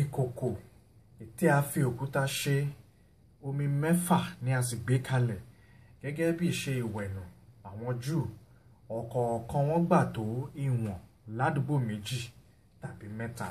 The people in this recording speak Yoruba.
ìkòkò tí a fi òkúta ṣe omi mẹ́fà ni a sì gbé kalẹ̀ gẹ́gẹ́ bí ìṣe ìwẹ̀nù àwọn júù ọ̀kọ̀ọ̀kan wọn gbà tó ìwọ̀n ládùúgbò méjì tàbí mẹ́ta